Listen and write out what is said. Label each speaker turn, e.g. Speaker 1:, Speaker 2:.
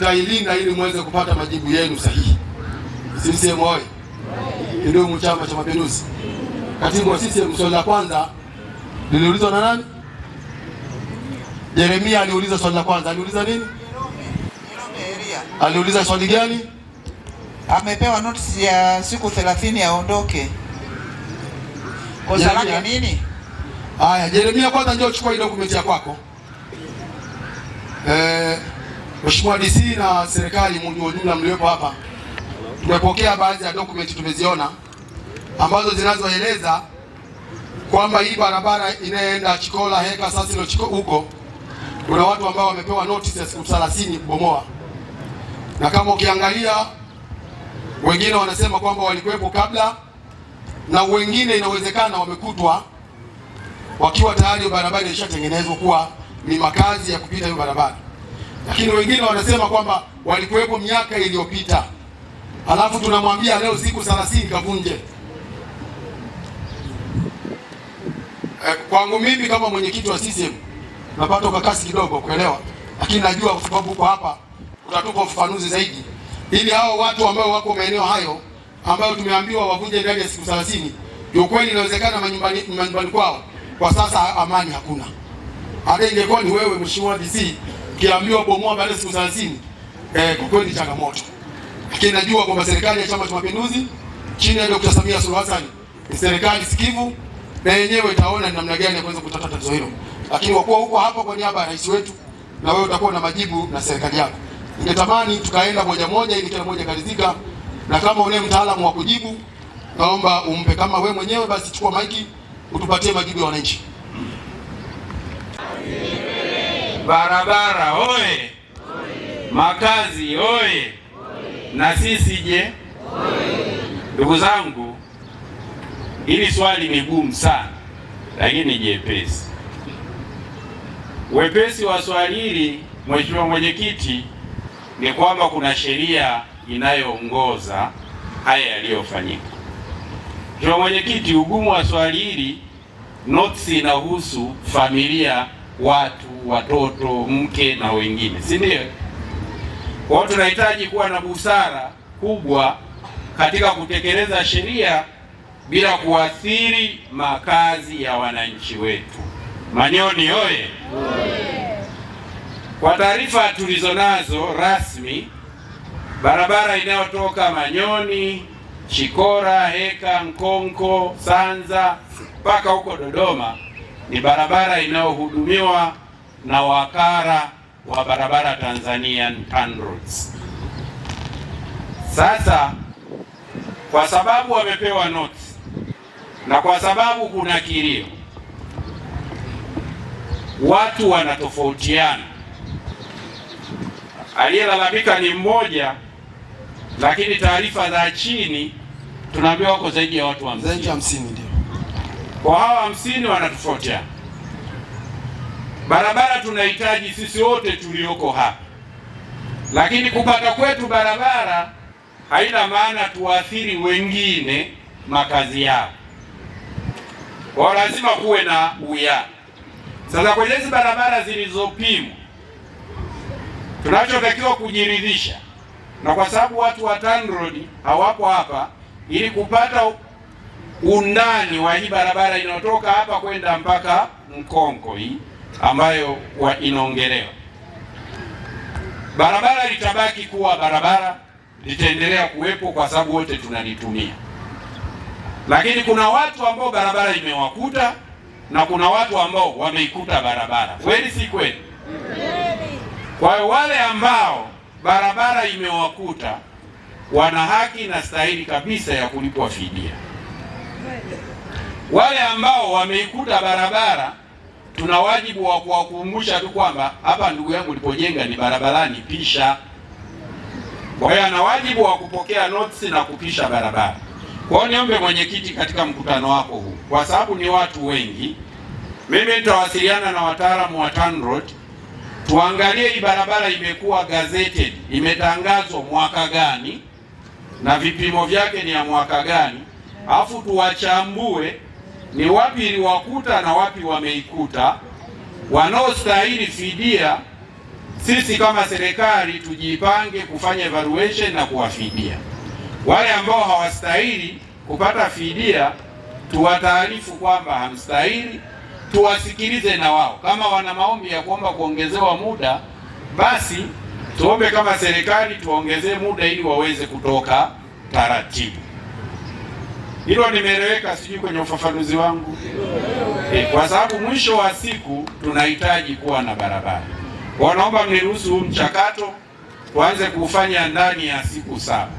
Speaker 1: tutailinda ili muweze kupata majibu yenu sahihi. CCM oye! Ndugu Chama cha Mapinduzi, katibu wa CCM, swali la kwanza liliulizwa na nani? Jeremia aliuliza swali la kwanza, aliuliza nini? Aliuliza swali gani?
Speaker 2: Amepewa notice ya siku 30 aondoke. Kosa lake nini?
Speaker 1: Haya, Jeremia, kwanza njoo chukua ile dokumenti ya kwako. Eh, Mheshimiwa DC na serikali jumla mliopo hapa, tumepokea baadhi ya dokumenti tumeziona ambazo zinazoeleza kwamba hii barabara inayoenda Chikola Heka Sasilo Chiko huko kuna watu ambao wamepewa notice ya siku 30 kubomoa, na kama ukiangalia wengine wanasema kwamba walikuwepo kabla na wengine inawezekana wamekutwa wakiwa tayari barabara ilishatengenezwa kuwa ni makazi ya kupita hiyo barabara lakini wengine wanasema kwamba walikuwepo miaka iliyopita, alafu tunamwambia leo siku 30 kavunje. E, kwangu mimi kama mwenyekiti wa CCM napata ukakasi kidogo kuelewa, lakini najua kwa sababu uko hapa utatupa ufafanuzi zaidi, ili hao watu ambao wako maeneo hayo ambayo tumeambiwa wavunje ndani ya siku 30, ndio kweli inawezekana manyumbani, manyumbani kwao kwa sasa amani hakuna. Hata ingekuwa ni wewe mheshimiwa DC ukiambiwa bomoa baada siku 30 eh, kwa kweli ni changamoto, lakini najua kwamba serikali ya Chama cha Mapinduzi chini ya Dr. Samia Suluhu Hassan ni serikali sikivu na yenyewe itaona ni namna gani ya kuweza kutata tatizo hilo. Lakini wakuwa huko hapa kwa niaba ya rais wetu, na wewe utakuwa na majibu na serikali yako. Ningetamani tukaenda moja moja ili kila mmoja karidhika, na kama unaye mtaalamu wa kujibu, naomba umpe. Kama wewe mwenyewe basi, chukua maiki utupatie majibu ya wananchi.
Speaker 3: Amen barabara oye, makazi oye, na sisi je? Ndugu zangu, hili swali ni gumu sana, lakini jepesi. Wepesi wa swali hili, Mheshimiwa Mwenyekiti, ni kwamba kuna sheria inayoongoza haya yaliyofanyika. Mheshimiwa Mwenyekiti, ugumu wa swali hili, notisi inahusu familia watu, watoto, mke na wengine, si ndio? Kwa tunahitaji kuwa na busara kubwa katika kutekeleza sheria bila kuathiri makazi ya wananchi wetu. Manyoni oye! Kwa taarifa tulizonazo rasmi, barabara inayotoka Manyoni, Chikora, Heka, Mkonko, Sanza mpaka huko Dodoma ni barabara inayohudumiwa na wakara wa barabara tanzania TANROADS. Sasa kwa sababu wamepewa notes na kwa sababu kuna kilio, watu wanatofautiana. Aliyelalamika ni mmoja, lakini taarifa za chini tunaambiwa wako zaidi ya watu
Speaker 4: hamsini
Speaker 3: kwa hawa hamsini wanatofautiana. Barabara tunahitaji sisi wote tulioko hapa, lakini kupata kwetu barabara haina maana tuwaathiri wengine makazi yao, kwa lazima kuwe na uwiano. Sasa kwenye hizi barabara zilizopimwa, tunachotakiwa kujiridhisha, na kwa sababu watu wa TANROADS hawapo hapa ili kupata undani wa hii barabara inayotoka hapa kwenda mpaka Mkonko hii ambayo inaongelewa. Barabara litabaki kuwa barabara, litaendelea kuwepo kwa sababu wote tunalitumia, lakini kuna watu ambao barabara imewakuta na kuna watu ambao wameikuta barabara. Kweli si kweli? Kwa hiyo wale ambao barabara imewakuta wana haki na stahili kabisa ya kulipwa fidia. Wale ambao wameikuta barabara, tuna wajibu wa kuwakumbusha tu kwamba hapa, ndugu yangu, ulipojenga ni barabarani, pisha. Kwa hiyo ana wajibu wa kupokea notisi na kupisha barabara. Kwa hiyo niombe mwenyekiti, katika mkutano wako huu, kwa sababu ni watu wengi, mimi nitawasiliana na wataalamu wa TANROAD tuangalie hii barabara imekuwa gazeted, imetangazwa mwaka gani na vipimo vyake ni ya mwaka gani alafu tuwachambue ni wapi iliwakuta na wapi wameikuta. Wanaostahili fidia, sisi kama serikali tujipange kufanya evaluation na kuwafidia. Wale ambao hawastahili kupata fidia, tuwataarifu kwamba hamstahili, tuwasikilize na wao. Kama wana maombi ya kuomba kuongezewa muda, basi tuombe kama serikali tuongezee muda ili waweze kutoka taratibu. Hilo nimeeleweka, sijui kwenye ufafanuzi wangu e, kwa sababu mwisho wa siku tunahitaji kuwa na barabara. Wanaomba mniruhusu huu mchakato tuanze kuufanya ndani ya siku saba.